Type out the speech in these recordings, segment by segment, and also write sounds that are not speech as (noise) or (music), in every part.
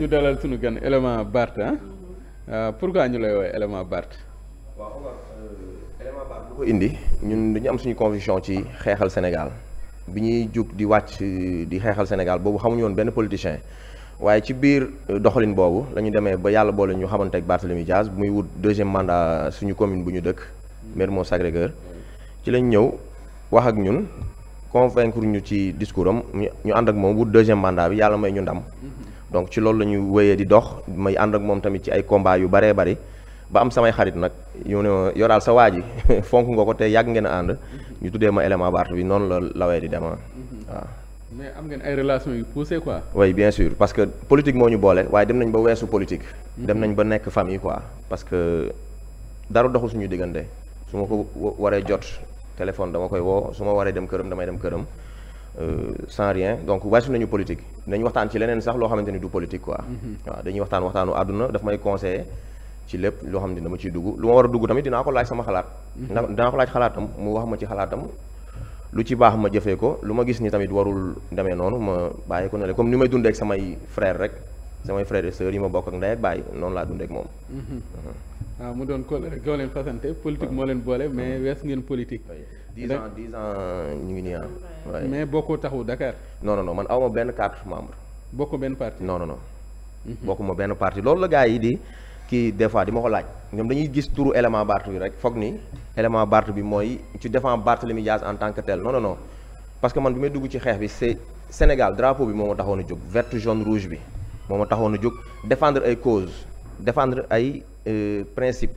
ñu dalal suñu gan élément Bart ah euh, pourquoi ñu lay woowee élément Bart. Euh, bu ko indi ñun dañu am suñu conviction ci xeexal Sénégal bi ñuy jug di wàcc euh, di xeexal Sénégal boobu nu yoon benn politicien waaye ci biir doxalin boobu lañu demee ba yàlla boole ñu xamante ak Barthélemy Diaz muy wut deuxième mandat suñu commune bu ñu dëkk Mermoz Sacré-Cœur ci lañ ñëw wax ak ñun convaincre ñu ci discours am ñu ànd ak moom wut deuxième mandat bi yàlla may ñu ndam. donc ci loolu la ñuy wéyee di dox may ànd ak moom tamit ci ay combat yu baree bari ba am samay xarit nag yu ne yoraal sa waa ji (laughs) fonk nga ko te yàgg ngeen ànd ñu tuddee ma élément barte bi noonu la lawee di demaa ah. waaw mm-hmm. mais am ngeen ay relations yu poussé quoi. oui bien sûr parce que politique moo ñu boole waaye dem nañ ba weesu politique. Mm-hmm. dem nañ ba nekk famille quoi parce que dara doxu suñu diggante su ma ko waree jot téléphone dama koy woo su ma waree dem këram damay dem këram. Euh, sans rien donc wàccu nañu politique dinañ waxtaan ci leneen sax loo xamante ni du politique quoi. Mhm. waaw dañuy waxtaan waxtaanu àdduna daf may conseiller ci lépp loo xam ne dama ciy dugg lu ma war a dugg tamit dinaa ko laaj sama xalaat. Mhm. ndax dinaa ko laaj xalaatam mu wax ma ci xalaatam. lu ci baax ma jëfee ko lu ma gis ni tamit warul demee noonu ma bàyyi ko ne la comme ni may dundee ak samay frère rek samay frère et sœurs ma bokk ak ndey ak bàyyi noonu laa dundee ak moom. waaw mhm. ah, mu doon ko koo leen fasante politique moo leen boole mais wees ngeen dix ans dix ans ñu ngi nii ah, mais bokkoo taxawu Dakar. non non man aw ma benn carte membre. bokk benn parti non non mhm. bokk ma benn parti loolu la gars yi di kii des fois di ma ko laaj ñoom dañuy gis turu élément Barth bi rek foog ni élément Barth bi mooy ci défend Barthélémy Dias en tant que tel non non parce que man bi may dugg ci xeex bi c'est Sénégal drapeau bi moo ma taxoon a jóg vert jaune rouge bi moo ma taxoon a jóg défendre ay cause défendre ay euh, principe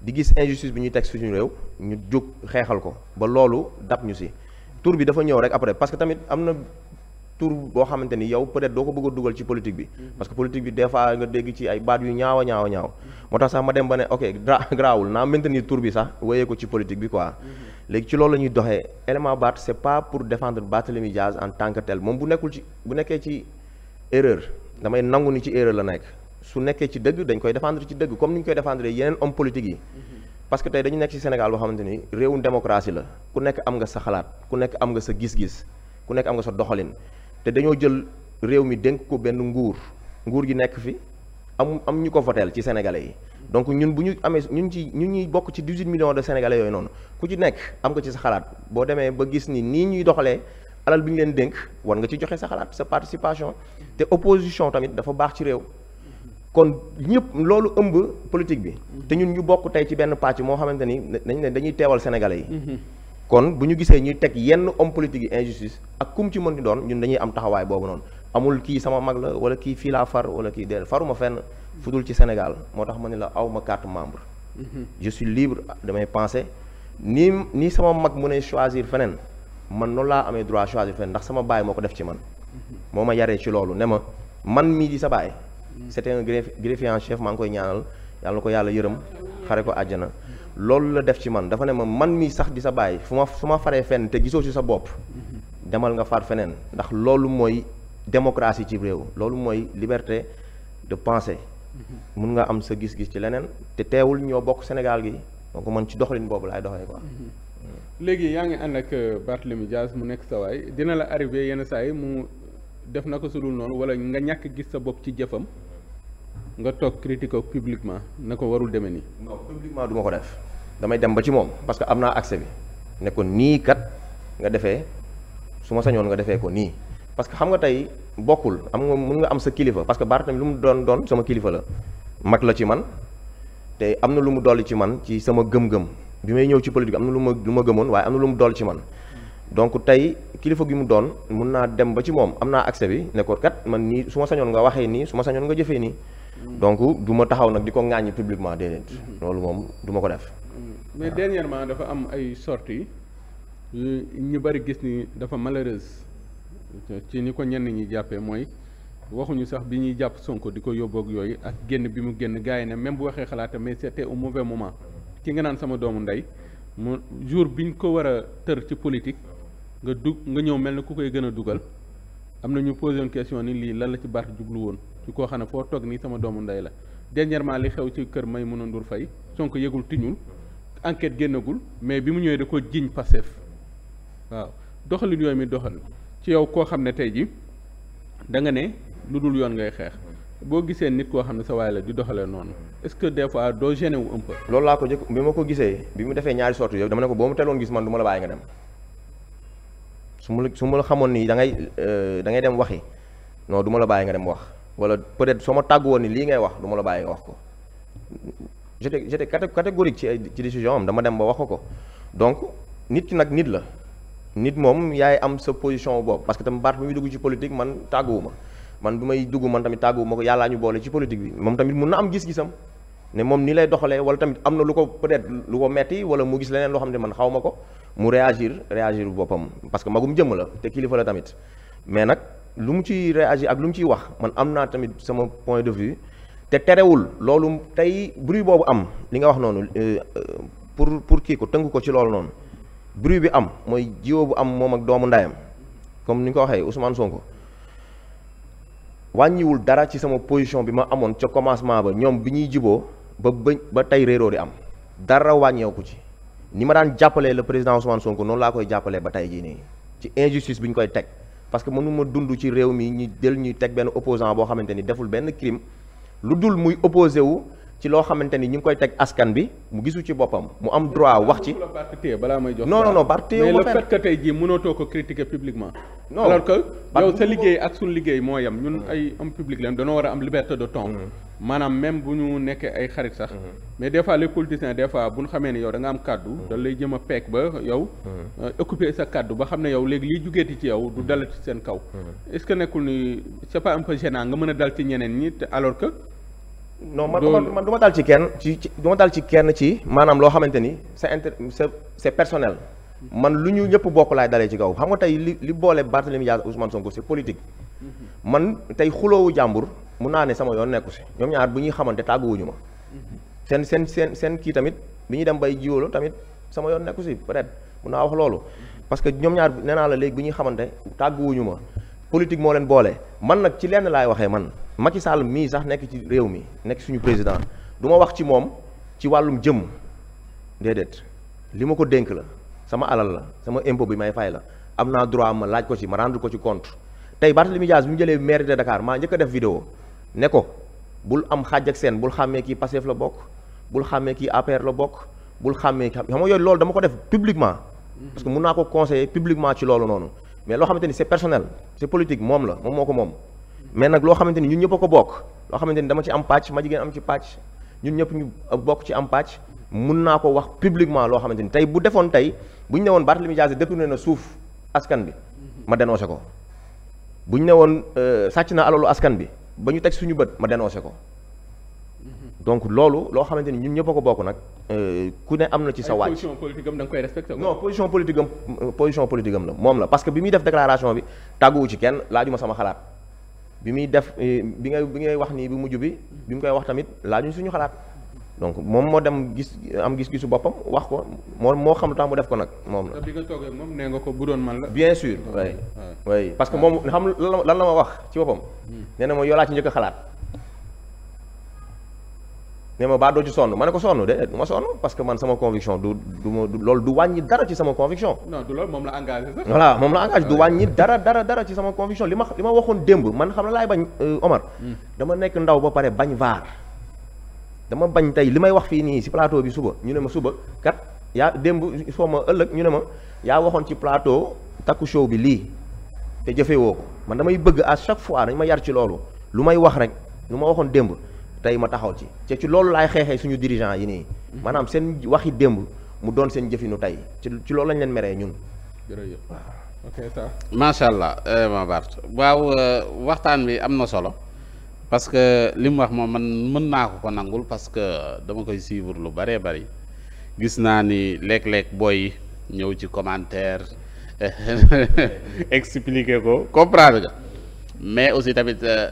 di gis injustice bi ñuy teg suñu réew ñu jóg xeexal ko ba loolu dab ñu si tour bi dafa ñëw rek après parce que tamit am na tour boo xamante ni yow peut-être doo ko bëgg dugal ci politique bi mm-hmm. parce que politique bi des fois nga dégg ci ay baat yu ñaaw a ñaaw a ñaaw mm-hmm. moo tax sax ma dem ba ne ok grawul naa maintenir tour bi sax wéyee ko ci politique bi quoi mm-hmm. léegi ci loolu la ñuy doxee élément baat c'est pas pour défendre Barthélémy Diaz en tant que tel moom bu nekkul ci bu nekkee ci erreur damay nangu ni ci erreur la nekk su nekkee ci dëgg dañ koy défendre ci dëgg comme ni ñu koy défendre yeneen homme politique yi parce que tey dañu nekk ci Sénégal boo xamante ni réewum démocratie la ku nekk am nga sa xalaat ku nekk am nga sa gis-gis ku nekk am nga sa doxalin te dañoo jël réew mi dénk ko benn nguur nguur gi nekk fi am am ñu ko voteel ci sénégalais yi donc ñun bu ñu amee ñun ci ñun ñuy bokk ci 18 million de sénégalais yooyu noonu ku ci nekk am nga ci sa xalaat boo demee ba gis ni nii ñuy doxalee alal bi ñu leen dénk war nga ci joxe sa xalaat sa participation te opposition tamit dafa baax ci réew kon ñëpp loolu ëmb politique bi. te ñun ñu bokk tey ci benn pàcc moo xamante ni dañ ne dañuy teewal sénégalais yi. Mm-hmm. kon bu ñu gisee ñu teg yenn homme politique yi injustice ak kum ci mën di doon ñun dañuy am taxawaay boobu noonu amul kii sama mag la wala kii fii laa far wala kii déedéet faruma fenn fudul ci Sénégal moo tax ma ne la aw ma carte membre. Mm-hmm. je suis libre damay penser ni nii sama mag mu ne choisir feneen man noonu laa amee droit choisir feneen ndax sama baay moo ko def man. Mm-hmm. moo ma yaree ci loolu ne ma man mii di sa c'était un greffier en chef maa ngi koy ñaanal yàlla na ko yàlla yërëm xare ko àjjana loolu la def ci man dafa ne ma man mi sax di sa bàyyi fu ma fu ma faree fenn te gisoo ci sa bopp demal nga far feneen ndax loolu mooy démocratie ci réew loolu mooy liberté de pensée mun nga am sa gis-gis ci leneen te teewul ñoo bokk Sénégal gi donc man ci doxalin boobu laay doxee ko léegi yaa ngi ànd ak Barthélémy Dias mu nekk sa waay dina la arrivé yenn saa yi def na ko sudul noonu wala nga ñàkk gis sa bopp ci jëfam nga toog critique ko publiquement na ko warul demee ni non publiquement du ma ko def damay dem ba ci moom parce que am naa accès bi ne nii kat nga defee su ma sañoon nga defee ko nii parce que xam nga tey bokkul am nga mun nga am sa kilifa parce que Bara lu mu doon doon sama kilifa la mag la ci man te am na lu mu dolli ci man ci sama gëm-gëm bi may ñëw ci politique am na lu ma lu ma gëmoon waaye am na lu mu dolli ci man donc tey kilifa gi mu doon mun naa dem ba ci moom am naa accès bi ne ko kat man nii su ma sañoon nga waxee nii su ma sañoon nga jëfee nii. donc du ma taxaw nag di ko ŋàññi publiquement déedéet. Mm-hmm. loolu moom duma ko def. Mm-hmm. mais dernièrement dafa am ay sorties yu ñu bari gis nii dafa malheureuse ci ni ko ñenn ñi jàppee mooy waxuñu sax bi ñuy jàpp Sonko di ko yóbbook yooyu ak génn bi mu génn gars yi ne même bu waxee xalaata mais c'était au mauvais moment ki nga naan sama doomu ndey mu jour biñ ko war a tër ci politique. nga dug nga ñëw mel ne ku koy gën a dugal am na ñu posé une question ni lii lan la ci Bart jublu woon ci koo xam ne foo toog nii sama doomu ndey la dernièrement li xew ci kër may Maïmouna Ndour Faye Sonko yëgul tiñul enquête génnagul mais bi mu ñëwee da ko jiñ Pastef waaw doxalin yooyu mi doxal ci yow koo xam ne tey ji da nga ne lu dul yoon ngay xeex boo gisee nit koo xam ne sa waay la di doxalee noonu est-ce doo gêné wu loolu laa ko jëkk ma ko gisee bi mu su ma la su ma la xamoon nii dangay euh, ngay da dem waxi non du ma la bàyyi nga dem wax wala peut-être soo ma tàgg woon ni lii ngay wax du la bàyyi nga wax ko j'étais j'étais catégorique ci ay ci décision am dama dem ba wax ko donc nit ki nag nit la nit moom yaay am sa position boobu parce que tam baat bi muy dugg ci politique man tàgguwuma man du may dugg man tamit tàgguwuma ko yàllaa ñu boole ci politique bi moom tamit mun na am gis-gisam ne moom nii lay doxalee wala tamit am na lu ko peut-être lu ko metti wala mu gis leneen loo xam ne man xaw ma ko mu réagir réagir boppam parce que magum jëmm la te kilifa la tamit mais nag lu mu ciy réagir ak lu mu ciy wax man am naa tamit sama point de vue te terewul loolu tey bruit boobu am li nga wax noonu euh, euh, pour pour kii ko tënk ko ci loolu noonu bruit bi am mooy jiwoo bu am moom ak doomu ndayam comme ni nga ko waxee Ousmane Sonko wàññiwul dara ci sama position bi ma amoon ca commencement ba ñoom bi ñuy jiboo ba ba ba tey réeroo di am dara wàññeeku ci. ni ma daan jàppalee la président Ousmane Sonko noonu laa koy jàppale ba tey jii nii ci injustice bi ñu koy teg parce que mënu ma dund ci réew mi ñu jël ñuy teg benn opposant boo xamante ni deful benn crime lu dul muy opposé wu ci loo xamante ni ñu ngi koy teg askan bi mu gisu ci boppam mu am droit wax ci. non non non Bart téye ma fenn mais le jii mënatoo ko critiquer publiquement. non alors que yow sa liggéey ak suñu liggéey moo yam ñun mm-hmm. ay am public lañ dañoo war a am liberté de ton. Mm-hmm. maanaam même bu ñu nekkee ay xarit sax. Mm-hmm. mais des fois les politiciens des fois bu ñu xamee ne yow da am kàddu. da lay jëm a peek ba yow. Euh, occuper sa kàddu ba xam ne yow léegi liy jugeeti ci yow du dalati ci seen kaw. est-ce que nekkul ni c'est pas un peu gênant nga mën a dal ci ñeneen ñi alors que. non man man du ma dal ci kenn ci du dal ci kenn ci maanaam loo xamante ni c'est inter c'est personnel man lu ñu ñëpp bokk laay dalee ci kaw xam nga tey li li boole Barthélémy Dias Ousmane Sonko c'est politique man tey xuloowu jàmbur mun naa ne sama yoon nekku si ñoom ñaar bu ñuy xamante tàgg wuñu ma seen seen seen seen kii tamit bi ñu dem bay jiwolo tamit sama yoon nekku si peut-être mun naa wax loolu parce que ñoom ñaar nee naa la léegi bu ñuy xamante tàgguwuñu ma politique moo leen boole man nag ci lenn laay waxee man Macky Sall mii sax nekk ci réew mi nekk suñu président du ma wax ci moom ci wàllum jëm déedéet li ma ko dénk la sama alal la sama impôt bi may fay la am naa droit ma laaj ko ci ma rendre ko ci compte tey Barthélémy Dias bi mu jëlee maire de Dakar maa njëkk a def vidéo ne ko bul am xaaj ak seen bul xàmmee kii Pastef la bokk bul xàmmee kii APR la bokk bul xàmmee xam nga yooyu loolu dama ko def publiquement parce que naa ko conseiller publiquement ci loolu noonu mais loo xamante ni c'est personnel c'est politique moom la moom moo ko moom mais nag loo xamante ni ñun ñëpp a ko bokk loo xamante ni dama ci am pàcc ma jigéen am ci pàcc ñun ñëpp ñu bokk ci am pàcc mun naa ko wax publiquement loo xamante ni tey bu defoon tey bu ñu ne woon Barthélémy Dias détourné na suuf askan bi ma dénoncé ko bu ñu ne woon euh, sàcc na alalu askan bi ba ñu teg suñu bët ma dénoncé ko donc loolu loo xamante ni ñun ñëpp a ko bokk nag Euh, ku ne am na ci sa wàcc position politique am da nga koy respecté non position politique am position politique am la moom la parce que bi muy def déclaration bi tàgguwu ci kenn laaju ma sama xalaat bi muy def euh, bi ngay bi ngay wax nii bu mujj bi bi mu koy wax tamit laajuñ suñu xalaat donc moom moo dem gis am gis-gisu boppam wax ko moo moo xam tax mu def ko nag moom la. bi moom nee nga ko bu doon man la. bien sûr waaye oui parce que moom xam lan la ma wax ci boppam. Hmm. nee na ma yoolaa ci njëkk xalaat. ne ma baa doo ci ma ne ko sonn déedéet du ma sonn parce que man sama conviction du du ma loolu du wàññi dara ci sama conviction. non du loolu moom la engagé sax. moom la du wàññi dara dara dara ci sama conviction li ma li ma waxoon démb man xam na laay bañ euh, Omar. Hmm. dama nekk ndaw ba pare bañ vaar. dama bañ tey li may wax fii nii si plateau bi suba ñu ne ma suba kat yaa démb soo ma ëllëg ñu ne ma yaa waxoon ci plateau takku show bi lii te jëfewoo ko man damay bëgg à chaque fois dañ ma yar ci loolu lu may wax rek lu ma waxoon démb. tey ma taxaw ci te ci loolu laay xeexee suñu dirigeant yi nii maanaam seen wax yi démb mu doon seen jëfinu tey ci ci loolu lañ leen meree ñun jërëjëf macha allah eh, ma Bart waaw euh, waxtaan bi am na solo parce que li mu wax moom man mën naa ko ko nangul parce que dama koy suivre lu bëree bari gis naa ni léeg-léeg booy ñëw ci commentaire (laughs) expliquer ko comprendre nga mais aussi tamit euh,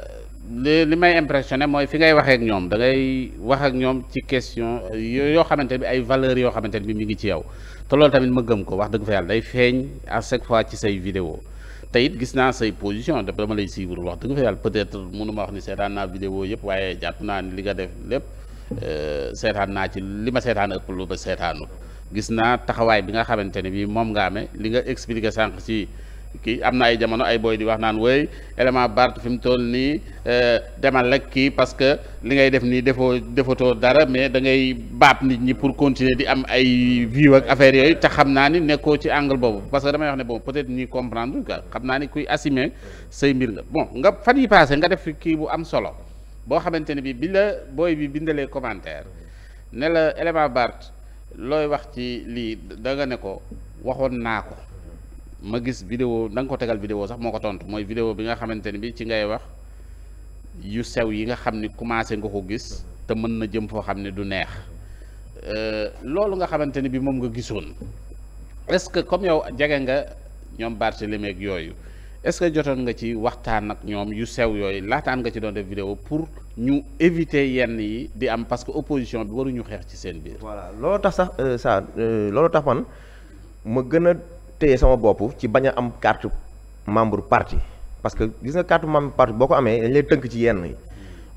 li li may impressionné mooy fi ngay waxeek ñoom da ngay wax ak ñoom ci question yoo xamante bi ay valeurs yoo xamante ne bi mi ngi ci yow te lool tamit ma gëm ko wax dëgg fa yàlla day feeñ à chaque fois ci say vidéo te gis naa say position da dama lay suivre wax dëgg fa yàlla peut-être mënu ma wax ni seetaan naa vidéo yëpp waaye jàpp naa ni li nga def lépp euh, seetaan naa ci li ma seetaan ëpp lu ba seetaanul gis naa taxawaay bi nga xamante ne bi moom nga amee li nga expliqué sànq ci kii am na ay jamono ay booy di wax naan wooy élément Bart fi mu toll nii eh, demal rek kii parce que li ngay def nii defoo defatoo dara mais da ngay baab nit ñi pour continuer di am ay view ak affaire yooyu te xam naa ni nekkoo ci angle boobu parce que damay wax ne bon peut-être ñuy comprendre quoi xam naa ni kuy assumer say mbir la bon nga fan yi passé nga def kii bu am solo boo xamante ne bi bi la booy bi bindalee commentaire ne la élément Bart looy wax ci lii da ko waxoon naa ko ma gis vidéo nanga nga ko tegal vidéo sax moo ko tontu mooy vidéo bi nga xamante ni bi ci ngay wax yu sew yi nga xam ni commencé nga ko gis te mën na jëm foo xam ne du neex euh, loolu nga xamante ni bi moom nga gisoon est-ce que comme yow jege nga ñoom Barthélemy ak yooyu est-ce que jotoon nga ci waxtaan ak ñoom yu sew yooyu laataan nga ci doon def vidéo pour ñu éviter yenn yi di am parce que opposition bi waruñu xeex ci seen biir. voilà loolu tax sax saa euh, euh, loolu tax man ma gën téye sama bopp ci bañ a am carte membre parti parce que gis nga carte membre parti boo ko amee dañ lay tënk ci yenn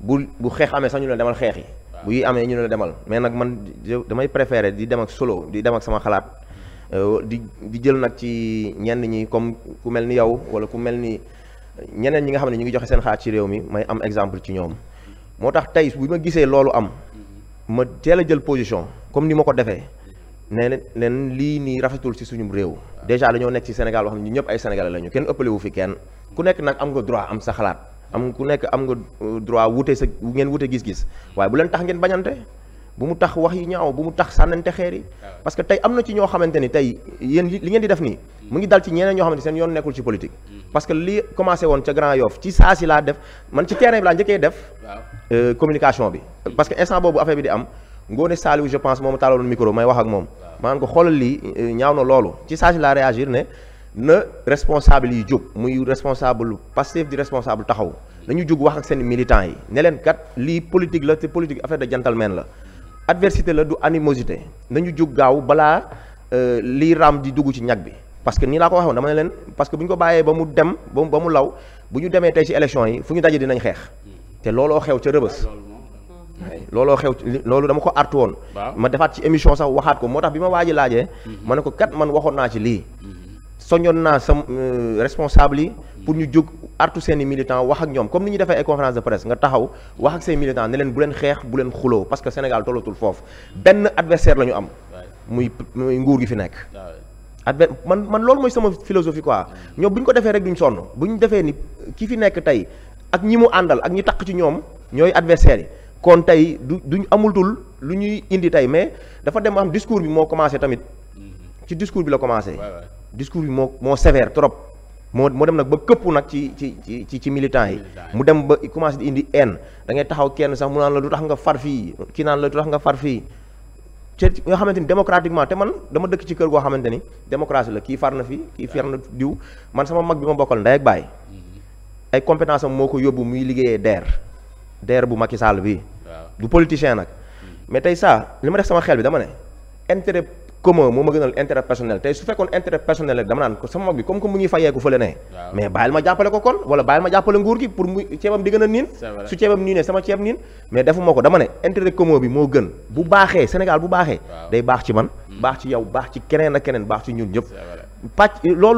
bu bu xeex amee sax ñu ne demal xeex yi bu yi amee ñu ne demal mais nag man damay préféré di dem ak solo di dem ak sama xalaat euh, di di jël nag ci ñenn ñi comme ku mel ni yow wala ku mel ni ñeneen ñi nga xam ne ñu ngi joxe seen xalaat ci réew mi may am exemple ci ñoom moo tax tey bu ma gisee loolu am ma teel a jël position comme ni ma ko defee ne leen lii nii rafetul ci suñu réew déjà dañoo nekk ci Sénégal wax xam ne ñu ñëpp ay sénégalais lañu kenn ëppale wu fi kenn ku nekk nag am nga droit am sa xalaat am ku nekk am nga euh, droit wute sa ngeen wute gis-gis waaye bu leen tax ngeen bañante bu mu tax wax yi ñaaw bu mu tax sànnante xeer yi parce que tey am na ci ñoo xamante ni tey yéen li ngeen di def nii mu ngi dal ci ñeneen ñoo xamante seen yoon nekkul ci politique mm-hmm. parce que li commencé woon ca Grand Yoff ci saa si laa def bi laa njëkkee def euh, communication bi parce que instant pense moom taaloon micro may ak moom maanaam ko xoolal lii eh, ñaaw na loolu ci saa si laa réagir ne na responsable yi jóg muy responsable Pastef di responsable taxaw dañu jóg wax ak seen militants yi ne leen kat lii politique la te politique affaire de gentleman la adversité la du animosité nañu jóg gaaw balaa euh, lii raam di dugg ci ñag bi parce que nii laa ko waxoon dama ne leen parce que bu ñu ko bàyyee ba mu dem ba mu law bu ñu demee tey ci élection yi fu ñu daje dinañ xeex te looloo xew ca looloo xew loolu dama ko artu woon ma defaat ci émission sax waxaat ko moo tax bi ma waaji laajee mhm. ma ne ko kat man waxoon naa ci lii mhm. soññoon naa sam euh, responsable yi pour ñu jóg artu seeni i wax ak ñoom comme ni ñu defee ay conférence de presse nga taxaw wax ak seen militants ne leen bu leen xeex bu leen xuloo parce que Sénégal tollatul foofu benn adversaire la ñu am muy muy nguur gi fi nekk adver man man loolu mooy sama philosophie quoi mhm. ñoom bu ñu ko defee rek duñ sonn bu ñu defee ni ki fi nekk tey ak ñi mu àndal ak ñi taq ci ñoom ñooy adversaires yi kon tey du duñ amultul lu ñuy indi tey mais dafa dem am discours bi moo commencé tamit mm-hmm. ci discours bi la commencé. discours bi moo moo sévère trop. moo moo dem nag ba këpp nag ci ci ci ci militants yi. mu dem ba commencé di indi haine da ngay taxaw kenn sax mu naan la du tax nga far fii kii naan la du tax nga far fii. te nga xamante ni démocratiquement te man dama dëkk ci kër goo xamante ni démocratie la kii far na fi kii far na diw man sama mag bi ma bokkal ndey ak mm-hmm. ay compétence moo ko yóbbu muy liggéeyee DER. DER bu Macky Sall bi du politicien nag. Mm-hmm. mais tey ça li ma def sama xel bi dama ne intérêt commun moo ma gënal intérêt personnel tey su fekkoon intérêt personnel rek dama naan ko sama mag bi comme que mu ngi fayeeku fële ne. mais bàyyil ma jàppale ko kon wala bàyyil ma jàppale nguur gi pour mu ceebam di gën a niin. su ceebam niinee sama ceeb niin. mais defuma ko dama ne intérêt commun bi moo gën bu baaxee Sénégal bu baaxee. day baax ci man. Mm-hmm. baax ci yow baax ci keneen ak keneen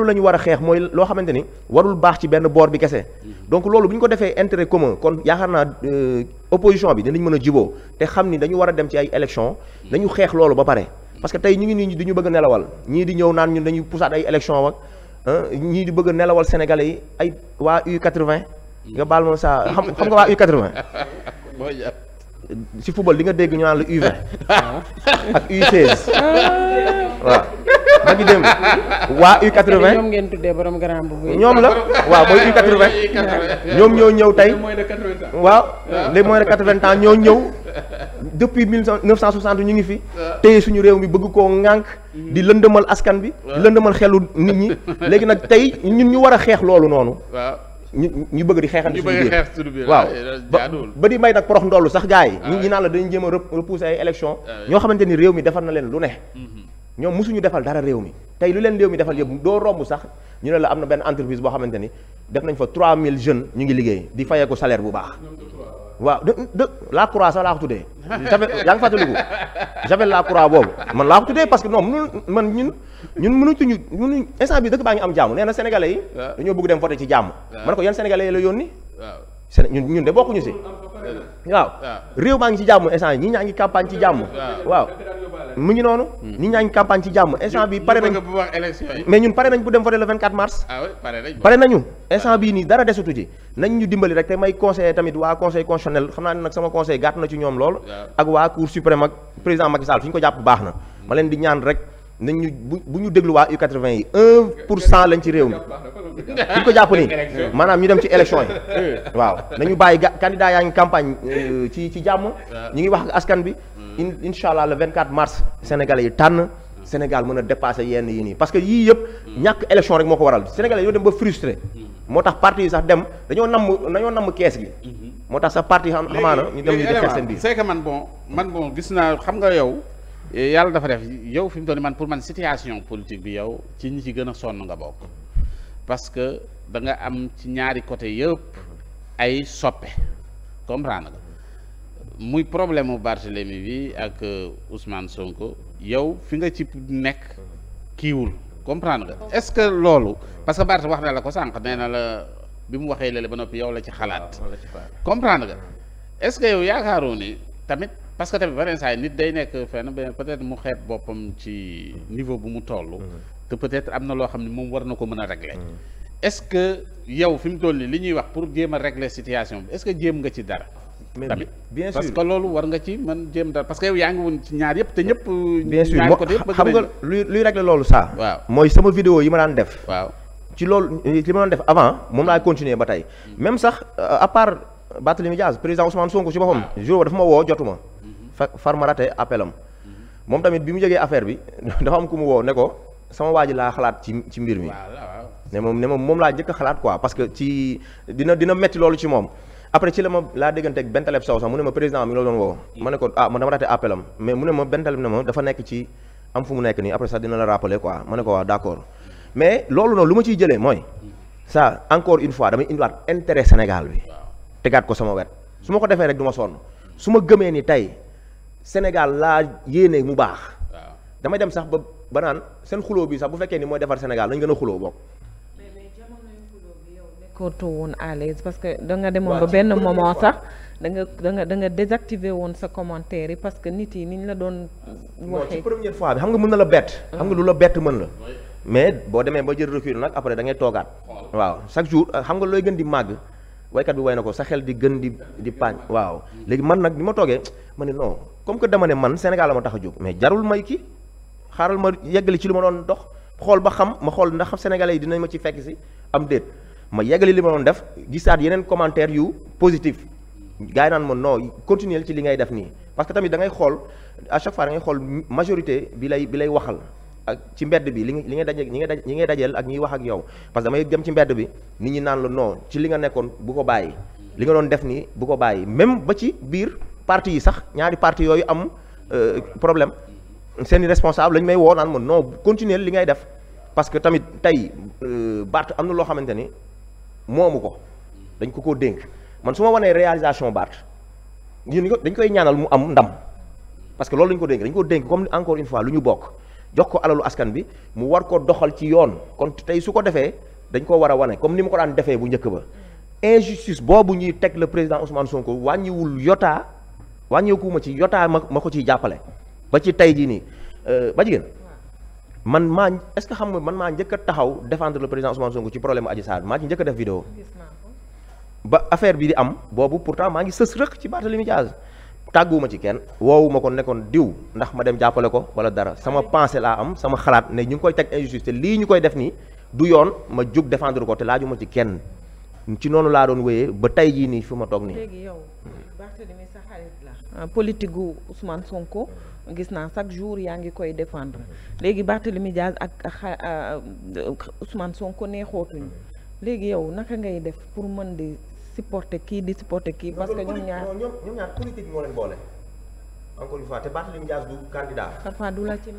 la ñu war a xeex mooy loo xamante ni warul baax ci benn boor bi kese. Mm-hmm. donc loolu bu ñu ko defee intérêt commun kon yaakaar naa euh, opposition bi dinañ mën a juboo te xam ni dañu war a dem ci ay élection nañu xeex loolu ba pare parce que tey ñu ngi nii di ñu bëgg nelawal ñii di ñëw naan ñun dañuy pusaat ay élection ak ñii di bëgg nelawal sénégalais yi ay waa U80 nga baal ma saa xam xam nga waa U80 si football di nga dégg ñu naan la U20 (laughs) ak U16 ah. waaw ba gi démb waa U80 ñoom ngeen tuddee borom grand boobu ñoom la waaw mooy U80 (laughs) ñoom ñoo ñëw tey waaw les moins de 80 ah. ans ñoo ñëw depuis 1960 ñu ngi fi ah. téye suñu réew mi bëgg koo ŋànk mm-hmm. di lëndëmal askan bi di ah. lëndëmal xelu nit ñi (laughs) léegi nag tey ñun ñu war a xeex loolu noonu ñu ñu bëgg di xeexal suñu biir waaw ba di may nag porox ndollu sax gars yi ñi naan la dañu jéem a ay élection ñoo xamante ni réew mi defar na leen lu ne mm-hmm. ñoom mosuñu defal dara réew mi tey lu leen réew mi defal yëpp doo romb sax ñu ne la am na benn entreprise boo xamante ni def nañ fa mille jeune ñu ngi liggéey di fayeeku salaire bu baax. waaw de de laa croix sax laa ko tuddee. javel yaa ngi fàttaliku javel laa croix boobu man laa ko tuddee parce que non man ñun ñun mënutuñu mënuñ instant bi dëkk baa ngi am jàmm nee na sénégalais yi. dañoo bëgg dem voté ci jàmm. waaw man ko yan sénégalais yi la yónni. waaw ñun ñun de bokkuñu si. waaw réew maa ngi ci jàmm instant yi ñaa ngi campagne ci jàmm. waaw. mu ngi noonu. Hmm. nit ñaa ngi campagne ci jàmm instant bi pare nañ mais ñun pare nañ pour dem voter le 24 mars. Ah pare nañu ah. instant bii nii dara desatu ci nañ ñu dimbali rek te may conseiller tamit waa conseil constitutionnel xam naa ne nag sama conseil gàtt na ci ñoom lool. ak waa cour suprême ak président Macky Sall fi ñu hmm. di ñaan rek. nañ ñu bu bu ñu déglu waa U80 yi 1 pour cent lañ ci réew mi bu ko jàpp nii maanaam ñu dem ci élection yi (laughs) waaw nañu bàyyi ga candidat yaa ngi campagne euh, ci ci jàmm ñu ngi wax ak askan bi in incha allah le 24 mars sénégalais yi tànn Sénégal mën a dépasser yenn yi nii parce que yii yëpp ñàkk élection rek moo ko waral sénégalais yoo dem ba frustré moo tax parti yi sax dem dañoo nam dañoo namm kees gi moo tax sax parti xam xamaana ñu dem ñu def seen biir c'est man bon man bon gis naa xam nga yow yàlla dafa def yow fi mu toll nii man pour man situation politique bi yow ci ñi ci gën a sonn nga bokk parce que da nga am ci ñaari côté yëpp ay soppe muy problème mu Barthélemy bi ak euh, Ousmane Sonko yow fi nga ci nekk kiiwul comprendre nga est-ce que loolu parce que Barth wax na la ko sànq nee na la bi mu waxee léegi ba noppi yow la ci xalaat. comprendre nga est-ce que yow yaakaaroo ni tamit parce que tamit beneen saa nit day nekk fenn peut-être mu xeet boppam ci niveau bu mu toll. Mm-hmm. te peut-être am na loo xam ne moom war na ko mën a régler. Mm-hmm. est-ce que yow fi mu toll nii li ñuy wax pour jéem a régler situation bi est-ce que nga ci dara. mais bien sûr parce que loolu war nga ci mën jéem dara parce que yow yaa ngi woon ci ñaar yëpp te ñëpp. bien sûr xam nga luy luy régler loolu saa. waaw mooy sama vidéo yi ma daan def. waaw ci loolu li ma daan def avant moom laay continuer ba tey. Hmm. même sax euh, à part Barthélémy Dias président Ousmane Sonko ci boppam. Ah. jour dafa ma woo jotuma. Hmm. fa far ma raté appel hmm. moom tamit bi mu jógee affaire bi (laughs) dafa am ku mu woo ne ko sama waa laa xalaat ci ci mbir mi. ne moom ne moom moom laa njëkk xalaat quoi parce que ci dina dina metti loolu ci moom. après ci la ma laa déggante ak Bentaleb Sow sax mu ne ma président mi ngi la doon woo ma ne ko ah man dama raté appel am mais mu ne ma Bentaleb ne ma dafa nekk ci am fu mu nekk nii après sax dina la rappeler quoi ma ne ko waaw d' mais loolu noonu lu ma ciy jëlee mooy sax encore une fois damay indiwaat intérêt Sénégal bi tegaat ko sama wet su ma ko defee rek du ma sonn su ma gëmee ni tey Sénégal laa yéene mu baax damay dem sax ba ba naan seen xuloo bi sax bu fekkee ni mooy defar Sénégal nañ gën a xuloo bokk nekkatoo woon à l'aise parce que da nga demoon ba benn moment sax da nga da nga da nga désactiver woon sa commentaire yi parce que nit yi ni niñ la doon waxee ci fois xam nga mën na la bett ah. xam nga lu la bett mën la mais boo demee ba jël recul nag après da ngay toogaat waaw chaque jour euh, xam nga looy gën di màgg waykat bi way na ko sa xel di gën di di paañ waaw léegi man nag bi ma toogee ma ne non comme que dama ne man Sénégal ma tax a jóg mais jarul may kii xaaral ma yeggali ci lu ma doon dox xool ba xam ma xool ndax Sénégalais yi dinañ ma ci fekk si am déet ma yegali li ma doon def gisaat yeneen commentaire yu positif gars naan ma non continuer ci li ngay def nii parce que tamit da xool à chaque xool majorité bi lay bi lay waxal ak ci mbedd bi li li ngay daje ñi ngay ñi ngay dajeel ak ñiy wax ak yow parce que damay dem ci mbedd bi nit ñi naan la non ci li nga nekkoon bu ko bàyyi li doon def nii bu ko bàyyi même ba ci biir parti yi sax ñaari parti yooyu am euh, problème seen responsable lañ may woonaan naan ma non continuer li ngay def parce que tamit tey euh, Bart am na loo xamante ni moomu ko dañ ko koo dénk man su ma wanee réalisation Barth ñun dañ koy ñaanal mu am ndam parce que loolu lañ ko dénk dañ ko dénk comme encore une fois lu ñu bokk jox ko alalu askan bi mu war ko doxal ci yoon kon tey su ko defee dañ ko war a wane comme ni mu ko daan defee bu njëkk ba injustice boobu ñuy teg le président Ousmane Sonko wàññiwul yotaa wàññeeku ma ci yotaa ma ma ko ciy jàppale ba ci tey jii nii euh, ba jigéen man maa est-ce que xam nga man maa njëkk a taxaw defendre le président Ousmane Sonko ci problème Adji Sarr maa ci njëkk a def vidéo ba affaire bi di am boobu pourtant maa ngi sës rëq ci Barthélémy Diaz tàgguwuma ci kenn ma ko nekkoon diw ndax ma dem jàppale ko wala dara sama pensée laa am sama xalaat ne ñu ngi koy teg injustice te lii ñu koy def nii du yoon ma jug defendre ko te laajuma ci kenn ci noonu laa doon wéyee ba tey jii nii fi ma toog nii. léegi yow Barthélémy sa xarit ah, gu Ousmane Sonko. gis naa chaque jour yaa ngi koy défendre léegi Barthélemy Diaz ak euh, Ousmane Sonko neexootuñu léegi yow naka ngay def pour mën di supporter kii di supporter kii parce que ñoom ñaar ñoom ñaar politique moo leen boole du candidat. parfois du la ci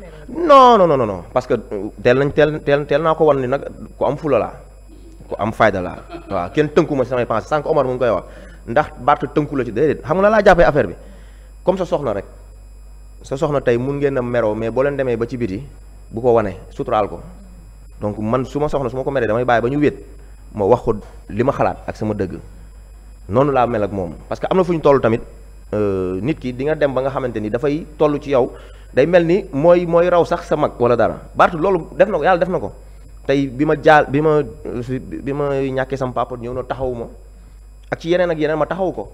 parce que euh, teel nañ teel teel teel naa ko wan ni nag ku am fula laa ku am fayda laa waaw kenn tënku ma si samay pensées sànq Omar mu ngi koy wax ndax Barth tënku la ci déedéet xam nga la laa jàppee affaire bi comme sa soxna rek. sa soxna tey mun ngeen a meroo mais boo leen demee ba ci biti bu ko wane suturaal ko donc man su ma soxna su ma ko meree damay bàyyi ba ñu wéet ma wax ko li ma xalaat ak sama dëgg noonu laa mel ak moom parce que am na fu ñu toll tamit euh, nit ki di nga dem ba nga xamante ni dafay toll ci yow day mel ni mooy mooy raw sax sa mag wala dara Barth loolu def na ko yàlla def na ko tey bi ma jaal bi ma bi ma ñàkkee sama papa ñëw na taxawu ma ak ci yeneen ak yeneen ma taxawu ko.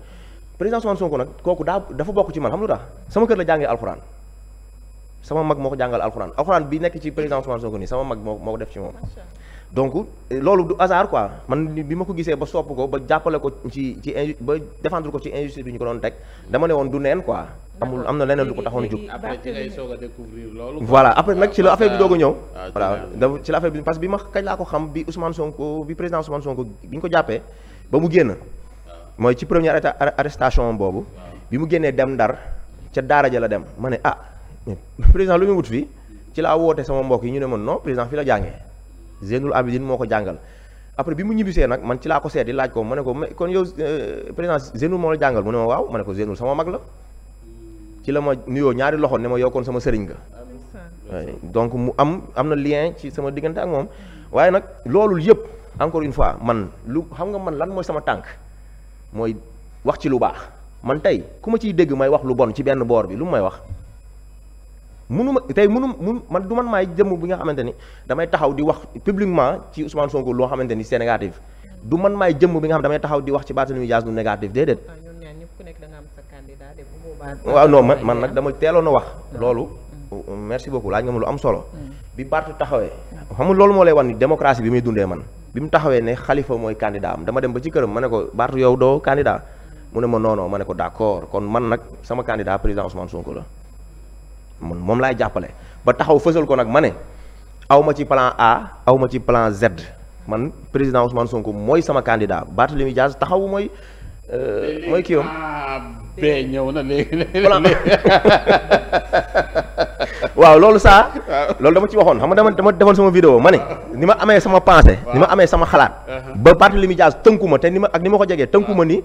président Ousmane Sonko nag kooku daa dafa bokk ci man xam lu tax sama kër la jàngee alxuraan sama mag moo ko jàngal alxuraan alxuraan bi nekk ci président Ousmane Sonko nii sama mag def ci moom. Eh, loolu du hasard quoi man bi ma ko gisee ba sopp ko ba jàppale ko ci ci inju ba ko ci injustice ñu ko doon teg dama woon du neen quoi. amul a jóg. après ci ngay soog a découvrir loolu. voilà après nag ci la ah, affaire bi doog a ñëw. Ah, ah, voilà ci la bi ma kañ laa ko bi ñu ko jàppee ba mu génn. mooy ci première arrestation boobu bi mu génnee dem ndar ca daara ja la dem ma ne ah président lu muy wut fii ci laa woote sama mbokk yi ñu ne man non président fii la jàngee Zeynul Abidin moo ko jàngal après bi mu ñibbisee nag man ci laa ko seeti laaj ko ma ne ko kon yow euh, président Zeynul moo la jàngal mu ne ma waaw ma ne ko Zeynul sama mag la ci la ma nuyoo ñaari loxo ne ma yow kon sama sëriñ nga donc mu am am na lien ci sama diggante ak moom waaye nag loolu yëpp encore une fois man lu xam nga man lan mooy sama tànk mooy wax ci lu baax man tey ku ma ciy dégg may wax lu bon ci benn boor bi lu mu may wax munu ma tey munu mun man du man maay jëm bi nga xamante ni damay taxaw di wax publiquement ci Ousmane Sonko loo xamante ni c'est négatif du man maay jëmm bi nga xam damay taxaw di wax ci Barthélémy Dias lu négatif déedéet. Ah, waaw non man man nag dama teeloon a wax loolu. Mm. merci beaucoup laaj nga ma lu am solo. Mm. bi Barth taxawee. xam nga loolu moo lay wan ni démocratie bi muy dundee man. bi mu taxawee ne xalifa mooy candidat am dama dem ba ci këram ma ne ko Barth yow doo candidat mu ne ma noonoo ma ne ko d'accord kon man nag sama candidat président Ousmane Sonko la moom laay jàppale ba taxaw fësal ko nag ma ne aw ma ci plan A aw ma ci plan Z man président Ousmane Sonko mooy sama candidat Barthélémy Dias taxaw mooy euh, mooy kii am. Ah, ñëw na léegi (laughs) waaw loolu saa. (laughs) loolu dama ci waxoon xam nga dama dama defoon sama vidéo ma ne. ni ma amee sama pensée. ni ma amee sama xalaat. Uh-huh. ba Barthélémy Dias tënku ma te ni ma ak ni ma ko jegee tënku ma ni.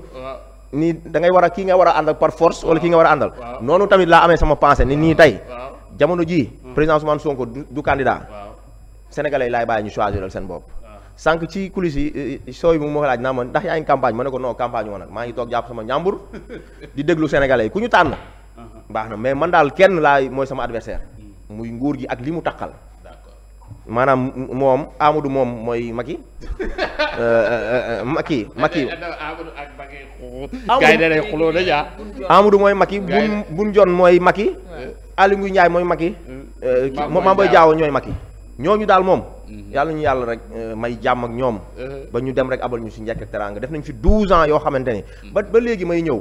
ni dangay war a kii nga war a àndal par force wala kii nga war a àndal. noonu tamit laa amee sama pensée ni nii tey. jamono jii. Mm. président Ousmane Sonko du candidat. sénégalais yi laay bàyyi ñu choisiral seen bopp. sànq ci coulisses yi eh, sooy mu ma laaj naa ma ndax yaa ngi campagne ma ne ko non campagne woon nag maa ngi toog jàpp sama njàmbur (laughs) di déglu sénégalais yi ku ñu tànn uh-huh. baax na mais man daal kenn laay mooy sama adversaire muy nguur gi ak li mu taqal maanaam moom amadu moom mooy mag (laughs) euh, euh, euh, Macky Macky eh, eh, Macky amadu mooy mag yi bu ah. jon mooy Macky Aly Ngouille Ndiaye mooy Macky mm. Mame Boye Diao ñooy Macky ñooñu daal moom mm-hmm. yàlla ñu yàlla rek may jàmm ak ñoom mm-hmm. ba ñu dem rek abal ñu si njëkk ak teraanga def nañ fi douze ans yoo xamante ni mm-hmm. ba ba léegi may ñëw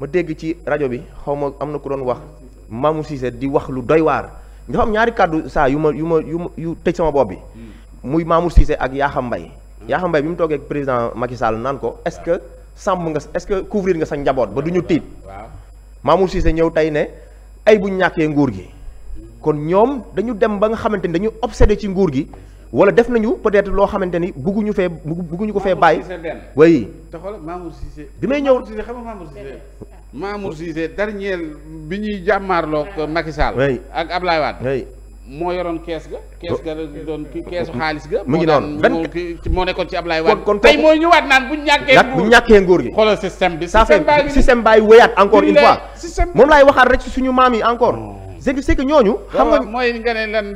ma dégg ci rajo bi xaw ma am na ku doon wax Mamou di wax lu doy waar dafa ñaari kàddu saa yu ma yu ma yu yu tëj sama bopp bi. muy Mamour Cissé ak Yakham mbay Yakham Mbaye bi mu toogee président Macky Sall naan ko est-ce que sàmm nga est-ce que couvrir nga sa njaboot ba du ñu tiit. waaw Mamour ñëw tey ne ay bu ñàkkee nguur gi. Hmm. kon ñoom dañu dem ba nga xamante ne dañu obsédé ci nguur gi wala def nañu peut-être loo xamante ni bëgguñu fee bëgguñu ko fee bàyyi. waaye. te xoolal Mamour Cissé. bi may ñëw xam nga Mamour Cissé. Mamour Cissé dernier bi ñuy jàmmaarloog Macky Sall. oui ak Ablaye Wade. moo yoroon kees ga. kees ga doon ki keesu xaalis ga. mu ngi noonu benn moo nekkoon ci Ablaye Wade. kon kon tey mooy ñëwaat naan bu ñàkkee. nguur bu ñàkkee nguur gi. xoolal système bi. système baa encore une fois. moom laay waxaat rek ci suñu maam yi encore. c'est que ñooñu. xam nga mooy nga ne lan.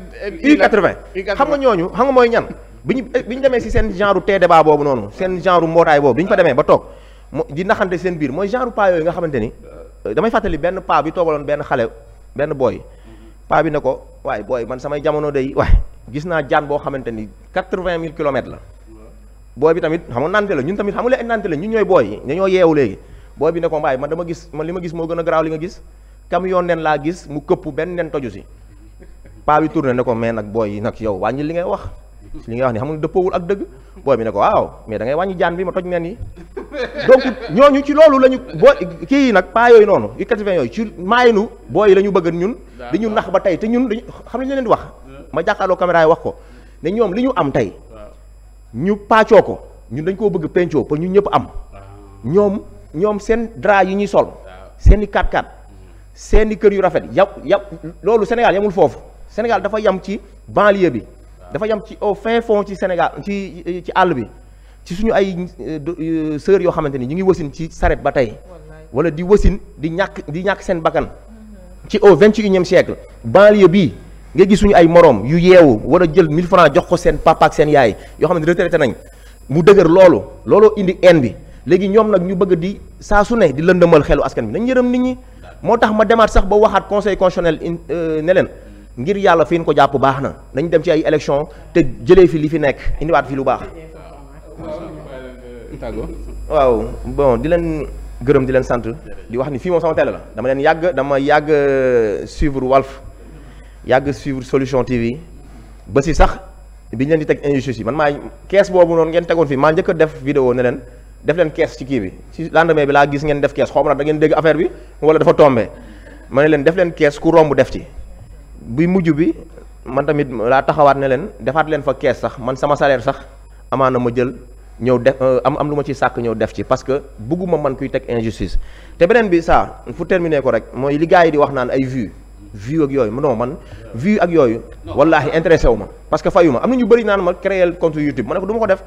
U80 euh, xam nga ñooñu xam nga mooy ñan. bi ñu bi ñu demee si seen genre tee débat boobu noonu seen genre mbootaay boobu bi ñu fa demee ba toog mu di naxante seen biir mooy genre paa yooyu nga xamante ni euh, damay fàttali benn paa bi toogaloon benn xale benn booy. paa bi ne ko waaye booy man samay jamono day waay gis naa jaan boo xamante ni quatre-vingt mille kilomètres la. booy bi tamit xam nga nante la ñun tamit xam nga nante la ñun ñooy booy dañoo yeewu léegi booy bi ne ko li ma gis moo gën a li nga gis yoon nen laa gis mu këpp benn nen toju si paa bi tourné ne ko mais nag booy yi nag yow wàññi li ngay wax li ngay wax ni xam nga dëppoowul ak dëgg booy bi ne ko waaw mais da ngay wàññi jaan bi ma toj nen yi donc ñooñu ci loolu la ñu booy kii yi nag paa yooyu noonu yu 80 yooyu ci maayinu booy yi la bëgg ñun di ñu nax ba tey te ñun dañu xam nañ leen di wax ma jàkkaarloo caméra yi wax ko ne ñoom li ñu am tey ñu paacoo ko ñun dañ koo bëgg pencoo pour ñu ñëpp am ah. ñoom ñoom seen drap yi ñuy sol seen i seeni kër yu rafet yam yam loolu Sénégal yamul foofu Sénégal dafa yam ci banlieue bi dafa yam ci au fin fond ci Sénégal ci ci àll bi ci suñu ay euh, euh, sœur yoo xamante ni ñu ngi wasin ci saret ba tey wala di wasin di ñàkk di ñàkk seen bakkan ci au vingt et unième siècle banlieue bii nga gis suñu ay moroom yu yeewu war jël mille francs jox ko seen papa ak seen yaay yoo xam ne retraité nañ mu dëgër loolu looloo indi haine bi léegi ñoom nag ñu bëgg di saa su ne di lëndëmal xelu askan bi nañ yërëm nit ñi moo tax ma demaat sax ba waxaat conseil constitutionnel in euh, ne leen ngir yàlla fi ko jàpp baax na nañ dem ci ay élection te jëlee fi li fi nekk indiwaat fi lu baax. waaw bon di leen gërëm di leen sant di wax ni fii moom sama télé la dama leen yàgg dama yàgg euh, suivre Walf yàgg suivre Solution TV ba si sax bi ñu leen di teg injustice yi man maa kees boobu noonu ngeen tegoon fii maa njëkk a def vidéo ne leen. def leen kees ci kii bi ci lendemain bi laa gis ngeen def kees xaw ma da ngeen dégg affaire bi wala dafa tombé ma ne leen def leen kees ku romb def ci bi mujj bi man tamit laa taxawaat ne leen defaat leen fa kees sax man sama salaire sax amaana ma jël ñëw def am am lu ma ci sàkk ñëw def ci parce que bugguma man kuy teg injustice te beneen bi ça fu terminer ko rek mooy li yi di wax naan ay vues vues ak yooyu non man vues ak yooyu wallaahi intéressé wu ma parce que fayu ma am ñu bëri naan ma créer compte ma ne ko du ma ko def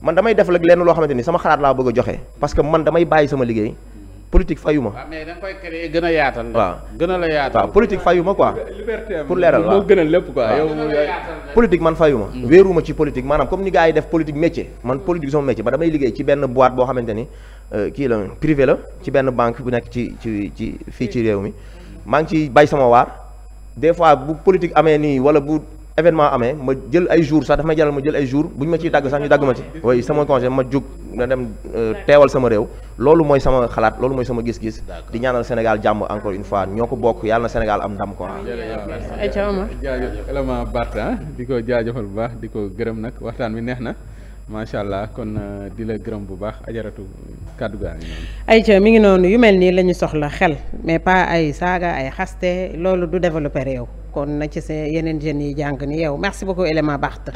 man damay def rek lenn loo xamante ni sama xalaat laa bëgg a joxe parce que man damay bàyyi sama liggéey politique fayu ma. waaw mais da nga a yaatal. waaw gën a la yaatal. waaw politique fayu lépp quoi yow. politique man fayu ma. Hmm. wéeru ma ci politique maanaam comme ni gars yi def politique métier. man politique sama métier ba damay liggéey ci benn boîte boo xamante ni euh, kii la privé la ci benn banque bu nekk ci ci ci fii ci réew mi hmm. maa ngi ciy bay sama waar des fois bu politique amee nii wala bu. événement amee ma jël ay jour sax dafa may jaral ma jël ay jour bu ñu ma ciy dagg sax ñu dagg ma ci way sama congé ma jug na dem euh, teewal sama réew loolu mooy sama xalaat loolu mooy sama gis-gis di ñaanal Sénégal jàmm encore une fois ñoo ko bokk yàlla na Sénégal am ndam quoi ah, jaajëf élément Barta di ko jaajëfal bu baax di ko gërëm nag waxtaan bi neex na macha allah kon euh, di la gërëm bu baax ajaratu kàddu gaa ngi noonu. mi ngi noonu yu mel nii la ñu soxla xel mais pas ay saaga ay xaste loolu du développer réew. kon na ci sa yeneen jeunes yi jàng ni yow merci beaucoup élément Barth